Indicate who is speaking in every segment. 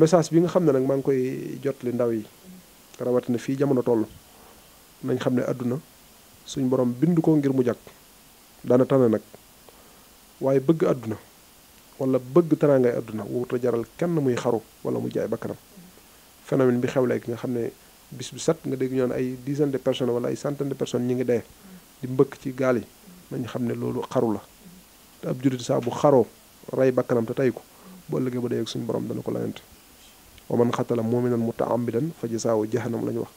Speaker 1: message bi nga xam ne nag maa ngi koy jotli ndaw yi rawatina fii jamono toll nañ xam ne àdduna suñ borom bind ko ngir mu jàkk dana tane nag waaye bëgg àdduna wala bëgg teraangay àdduna wuta jaral kenn muy xaru wala mu jaay bakkanam phénomène bi xew léegi nga xam ne bis bu set nga dégg ñoon ay dizaine de personnes wala ay centaine de personnes ñi ngi dee di mbëkk ci gaal yi nañ xam ne loolu xaru la te ab jullit saa bu xaroo rey bakkanam te tey ko boo ëllëgee ba dee suñu borom dana ko layante wa man xatala muminan mutaammidan fa jasaawu jahannam la ñu wax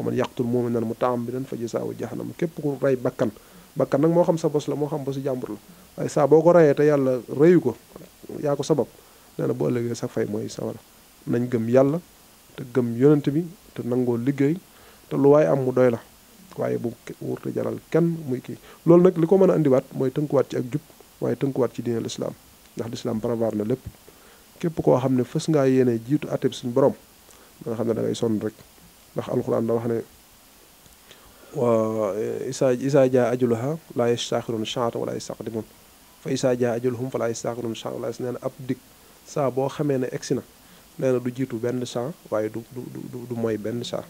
Speaker 1: wa man yaqtul muminan mutaammidan fa jasaawu jahannam képp ku rey bakkan bakkan nag moo xam sa bos la moo xam bosu jàmbur la waaye saa boo ko reyee te yàlla reyu ko yaa ko sabab nee na bu ëllëgee sa fay mooy sawara nañ gëm yàlla te gëm yonent bi te nangoo liggéey te lu waaye am mu doy la waaye bu wurte jaral kenn muy kii loolu nag li ko mën a indiwaat mooy tënkuwaat ci ak jub waaye tënkuwaat ci diine lislaam ndax lislaam prévoir na lépp képp koo xam ne fës ngaa yéene jiitu atteb suñu borom da nga xam ne da ngay sonn rek ndax alxuraan da wax ne wa isa isa jaa ajulaha laa yastaaxiruun saata wala yastaqdimuun fa isa jaa ajuluhum fa laa yastaaxiruun saata wala nee na ab dikk saa boo xamee ne egsi na nee na du jiitu benn saa waaye du du du moy benn saa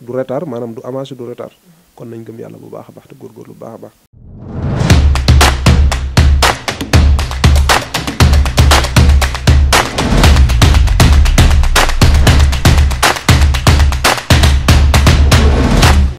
Speaker 1: du retard maanaam du avancé du retard kon nañ gëm yàlla bu baax a baax te góor lu baax a baax